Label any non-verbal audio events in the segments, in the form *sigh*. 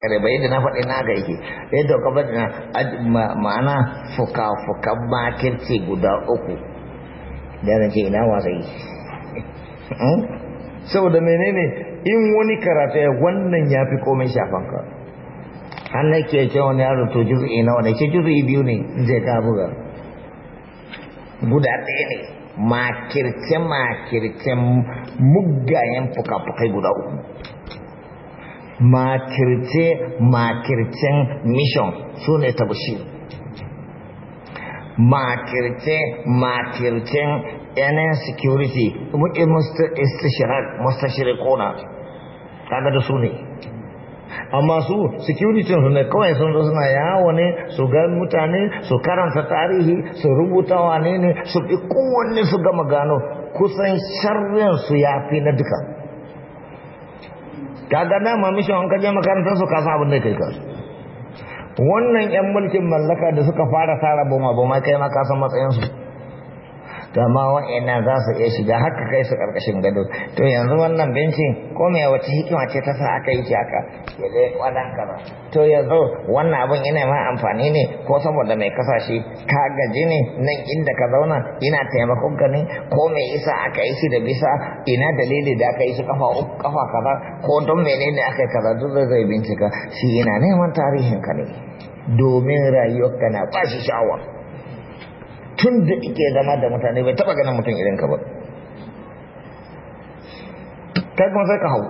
Kare bai da na faɗi na ga yake yadda ka faɗi ma'ana fuka-fukan makirci guda uku da ce ina wa zai *laughs* hmm? saboda menene in wani karatu ya wannan ya fi komai ka an na ke ce wani yaro to juzu'i na wani ce juzu'i biyu ne zai ka buga guda ɗaya ne makirce makirce mugayen fuka-fukai guda uku makirce makircen mission su ne bushi makirce makircen yanayin security kona kaga da su ne amma su security su ne kawai sun zo suna yawo ne su ga mutane su karanta tarihi su rubuta wane ne su fi kowanne su gama gano kusan sharrin su ya fi na duka kaga ma mishi wanka je makarantar su ka abin da kai ka wannan yan mulkin mallaka da suka fara tara boma boma kai ma ka san matsayin su to ina wa'annan za su iya shiga haka kai su karkashin gado to yanzu wannan bincin ko me wace hikima ce ta sa aka yi shi haka ke dai wadan kaza to yanzu wannan abin yana ma amfani ne ko saboda mai kasashe ka gaji ne nan inda ka zauna ina taimakon ka ne ko me isa aka yi shi da bisa ina dalili da aka yi shi kafa uku kafa kaza ko don menene aka yi kaza duk zai bincika shi yana neman tarihin ka ne domin rayuwar kana ba shi sha'awa tun da ike zama da mutane bai taba ganin mutum irin ka ba kai kuma sai ka hau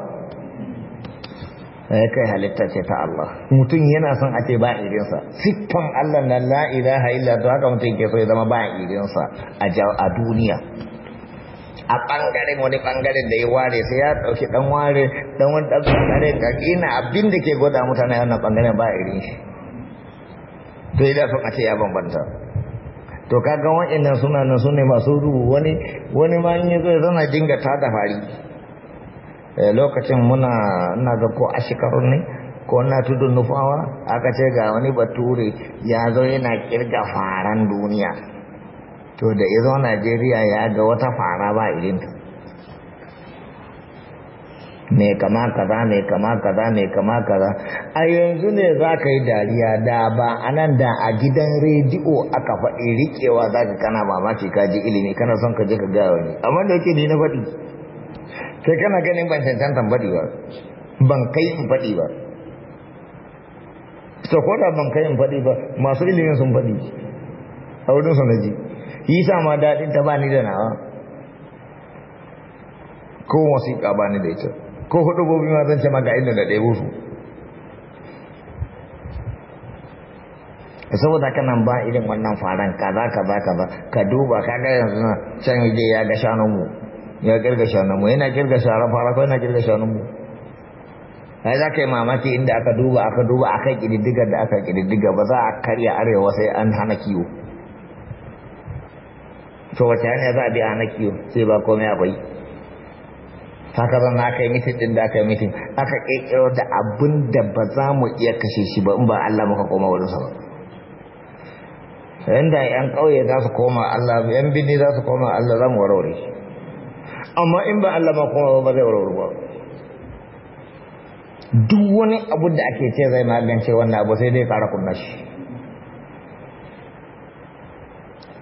eh, kai halitta ce ta Allah mutum yana son a ce ba irinsa siffan Allah na la ilaha illa to haka mutum ke so ya zama ba irinsa a duniya a bangaren wani bangaren da ya ware sai ya dauki dan ware dan wani dan bangare ka ina abin da ke gwada mutane wannan bangaren ba irin shi to idan son a ce ya bambanta to kaga wa'annan suna nan sune masu rubu wani wani ma in yazo zana dinga ta da fari eh, lokacin muna ina ga ko ashikarun ne ko na tudun nufawa aka ce ga wani bature ya zo yana kirga faran duniya to da izo Najeriya ya ga wata fara ba irinta mai kama kaza mai kama kaza mai kama kaza a yanzu ne za ka yi dariya da ba a nan da a gidan rediyo aka faɗi riƙewa za ka kana mamaki ka ji ilimi kana son ka je ka gaya wani amma da yake ni na faɗi sai kana ganin ban cancantan faɗi ba ban kai in faɗi ba to kwada ban kai in faɗi ba masu ilimin sun faɗi a wurin sanaji yi sa ma daɗin ta ba ni da nawa ko wasiƙa ba ni da ita ko hudu gobe ma zan ce ga inda da ɗebo su saboda nan ba irin wannan faran kaza kaza kaza ka duba ka ga yanzu can yaje ya ga shanun mu ya girga shanun mu yana girga sharan fara ko yana girga shanun mu ai za ka yi mamaki inda aka duba aka duba aka kididdiga da aka ƙididdiga ba za a karya arewa sai an hana kiwo to wace hanya za a bi a hana kiwo sai ba komai akwai haka zan aka yi mitin din da aka yi mitin aka ƙirƙiro da abin da ba za mu iya kashe shi ba in ba Allah muka koma sa ba yanda yan ƙauye za su koma Allah yan bindi za su koma Allah za mu warware amma in ba Allah ma koma ba zai warware ba duk wani abu da ake ce zai magance wannan abu sai dai fara kunna shi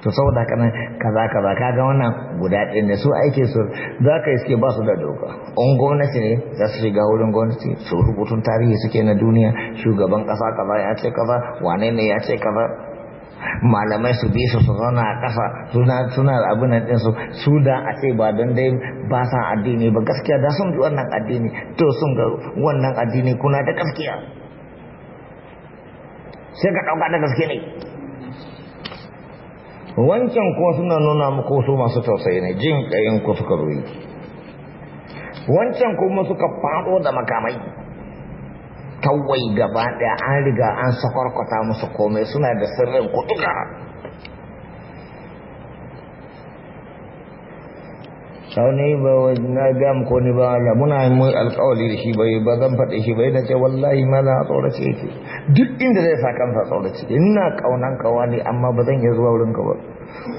to saboda kana kaza kaza kaga wannan guda ɗin ne su aikin su za ka iske ba su da doka in gwamnati ne za su shiga wurin gwamnati su rubutun tarihi suke na duniya shugaban kasa kaza ya ce kaza wane ne ya ce kaza malamai su bi su su zauna a kasa suna suna abin nan ɗinsu su da a ce ba don dai ba sa addini ba gaskiya da sun bi wannan addini to sun ga wannan addini kuna da gaskiya sai ka ɗauka da gaske ne wancan kuwa suna nuna muku su masu tausayi ne jin ɗayan ku suka ruyi wancan kuma suka faɗo da makamai kawai gaba ɗaya an riga an sakwarkwata musu komai suna da sirrin kuɗuka sauni ne ba na gam ko ni ba Allah muna mu alƙawari da shi bai ba zan faɗe shi bai na ce wallahi mala tsorace yake duk inda zai sa kansa tsorace ina kaunan ka wani amma ba zan iya zuwa wurin ka ba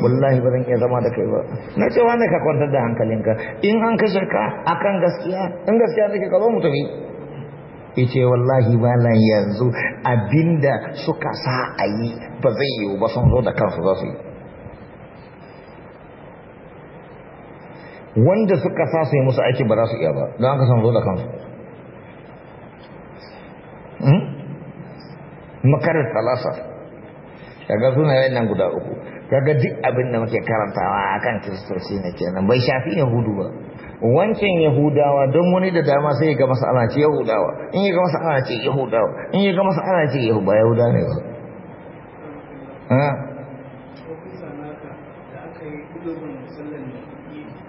wallahi ba zan iya zama da kai ba na ce wani ka kwantar da hankalinka in an kashe ka akan gaskiya in gaskiya ne ka zo mu tafi yace wallahi na yanzu abinda suka sa a yi ba zai yiwu ba sun zo da kansu za su yi wanda suka sa su musu aiki ba za su iya ba don haka san zo da kansu hmm? makarar talasa kaga suna yayin nan guda uku kaga duk abin da muke karantawa akan kiristoci ne kenan bai shafi yahudu ba wancan yahudawa don wani da dama sai ga masa ana ce yahudawa in ya ga masa ana ce yahudawa in ya ga masa ana ce ba yahuda ne ba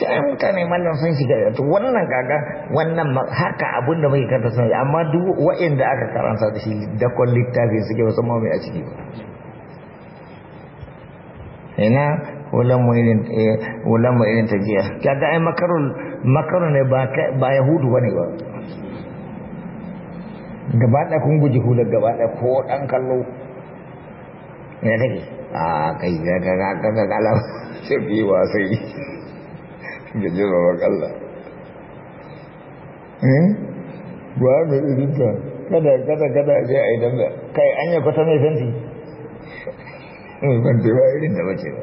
sai ai mutane mallam sun shiga to wannan gaga wannan haka abin da muke karanta sun amma duk wa'inda aka karanta da shi da kon littafi suke wasu ma mai a ciki ba ina ulan mu irin ta jiya? irin tajiya kaga ai makarun ne ba ba yahudu ba gaba da kun guji hular gaba da ko dan kallo ne take a kai ga ga ga ga ga ga ga ga ga jirarwar Allah eh? ba mai irinta kada kada kada a a yi dambe kai an yi kwata mai fenti mai eh, fenti ba irin da bace ba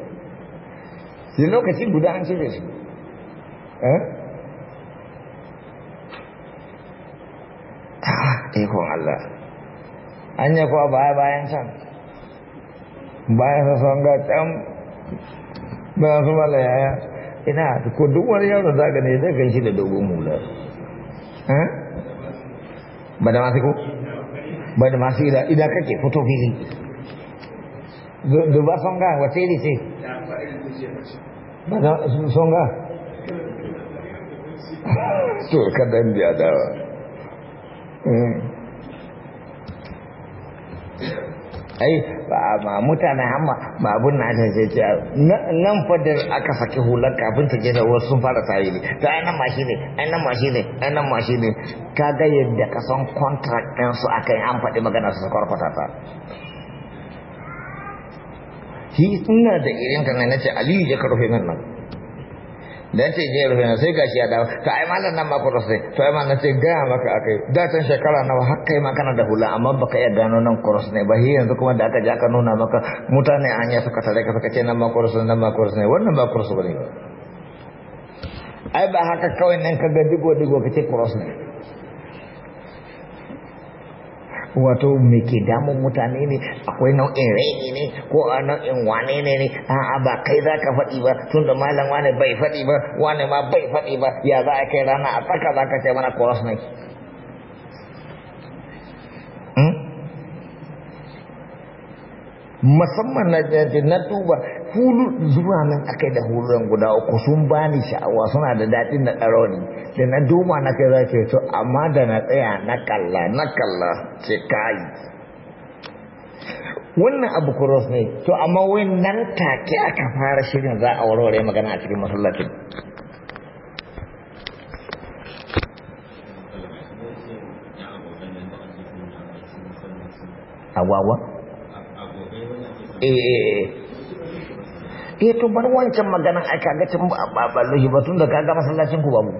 shi lokaci guda an cire su ta eh? ah, ikon Allah an yi kuwa baya bayan can bayan sassan ga can bayan su mala yaya ina ko duk wani yaron za ka ne zai gan shi da dogon hula eh? ba da masu ko ba da masu ila ila kake fito fili duba son ga wace iri ce ba da son ga *laughs* to kadan biya dawa eh. ai ba mutane hamma ba abun na ta ce nan fadda aka saki hular kafin ta gina wasu sun fara tsaye ne ta ainihin mashi ne ainihin mashi ne ainihin mashi ne ka ga yadda ka san contract a su yi an faɗi magana su kwarkwata fatata shi ina da irin na ce aliyu je ka rufe min nan dan ce je rufe sai gashi ya dawo to ai malam nan ma cross ne to ai ma ce gaya maka akai da can shekara nawa har kai ma kana da hula amma baka iya gano nan cross ne ba hi yanzu kuma da aka ja ka nuna maka mutane an ya suka tare ka suka ce nan ma cross nan ma cross ne wannan ba cross bane ba ai ba haka kawai nan ka ga digo digo ka ce cross ne wato me ke damun mutane ne akwai nau'in raini ne ko a nau'in wane ne ne a'a ba kai za ka faɗi ba tun da malam wane bai faɗi ba wane ma bai faɗi ba ya za a kai rana a tsaka za ka ce mana kwaras mai musamman na jaji na duba fulu zuwa nan yi da huluran guda uku sun ba ni sha'awa suna da daɗin na ɗaroni da na duba na kai za ce to amma da na tsaya na kalla na kalla ce kayi wannan abu kuros ne to amma wai nan take aka fara shirin za a warware magana a cikin masallacin agwagwa Eh. eh to bar wancan maganan ai kaga tun ba ba ba tun da kaga masallacin ku babu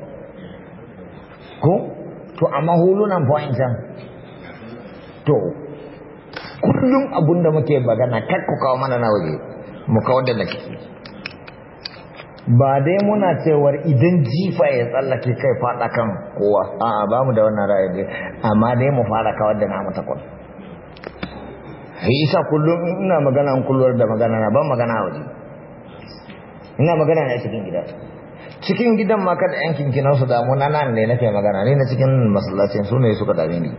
ko to amma hulunan fa wancan to kullum abun da muke magana kar ku kawo mana na waje mu kawo da nake ba dai muna cewar idan jifa ya tsallake kai fada kan kowa a'a ba mu da wannan ra'ayi amma dai mu fara kawar da namu takwas isa kullum ina magana an kullum da magana na ban magana a waje ina magana na cikin gida cikin gidan ma kada yan kinkinan su damu na nan ne nake magana ne na cikin masallacin su ne suka dame ni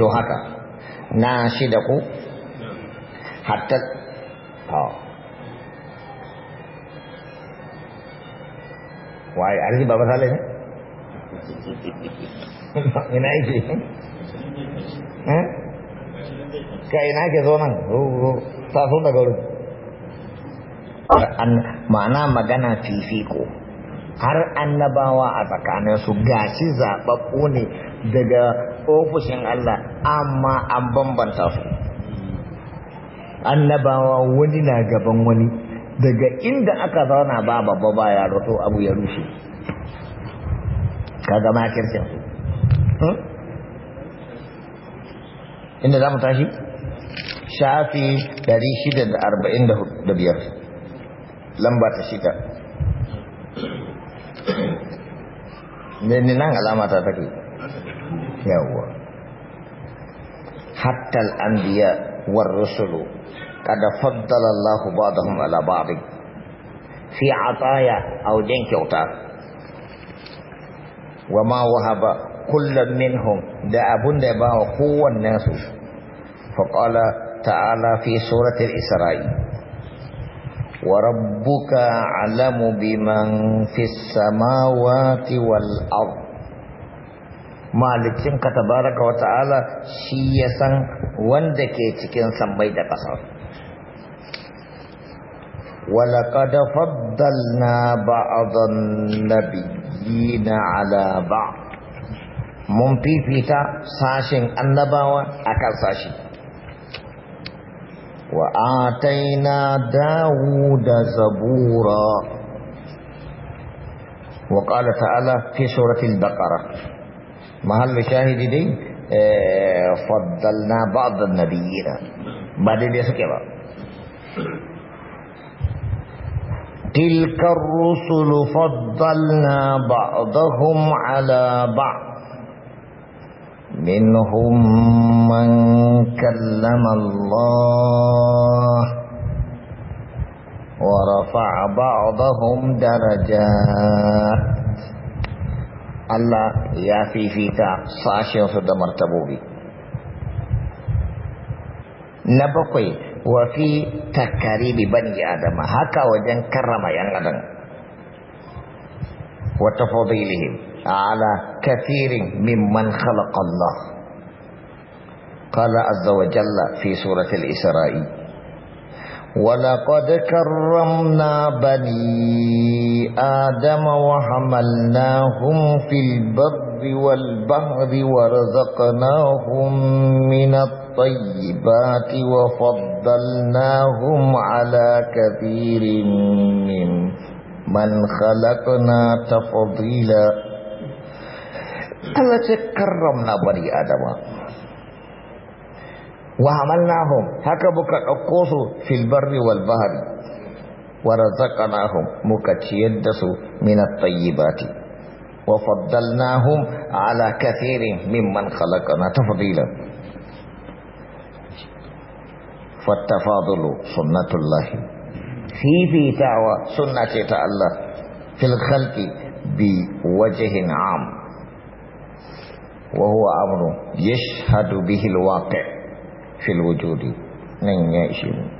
to haka na shi da ku hatta waye arzi baba sale ne *laughs* *laughs* ina yake eh? ka ina zo ma'ana magana fifiko har annabawa a tsakanin su gashi zaɓaɓɓo ne daga ofishin Allah amma an bambanta su annabawa wani na gaban wani daga inda aka zauna ba babba ba ya rato abu ya rushe ka gama kirkin inda za mu tashi shafi 645 lamba ta shida ne nan alama ta take yawwa hatta al-anbiya war rusul qad faddala Allah ba'dahum ala ba'd fi ataya aw kyauta wa ma wahaba kullum minhum da abun da ya ba wa kowannen su faƙala ta'ala fi suratul isra'i wa rabbuka alamu biman fis samawati wal ard malikin ka tabaraka wa ta'ala shi ya san wanda ke cikin sammai da ƙasa ولقد فضلنا بعض النبيين على بعض mun fifita sashin annabawa akan sashi wa ataina dawuda zabura wa qala ta'ala fi suratil baqara mahallu shahidi dai faddalna ba'd an-nabiyina bade dai dai suke ba تلك الرسل فضلنا بعضهم على بعض منهم من كلم الله ورفع بعضهم درجات الله يا في فيتا صاشي وصد مرتبوبي نبقي وفي تكريم بني آدم هكا وجن كرم ين آدم وتفضيلهم على كثير ممن خلق الله قال عز وجل في سورة الإسراء ولقد كرمنا بني آدم وحملناهم في البر والبحر ورزقناهم من الطيبات وفضلناهم على كثير من من خلقنا تفضيلا Allah ce karramna bani adama wa hamalnahum haka muka ɗauko su fil barri wal bahri wa razaqnahum muka ciyar da su min at-tayyibati wa faddalnahum ala kathirin mimman khalaqna tafdila fattafadulu sunnatullahi fifitawa sunna ce ta Allah fil khalqi bi wajhin am wa huwa amru yashhadu bihi alwaqi' fil wujudi nang ya ishin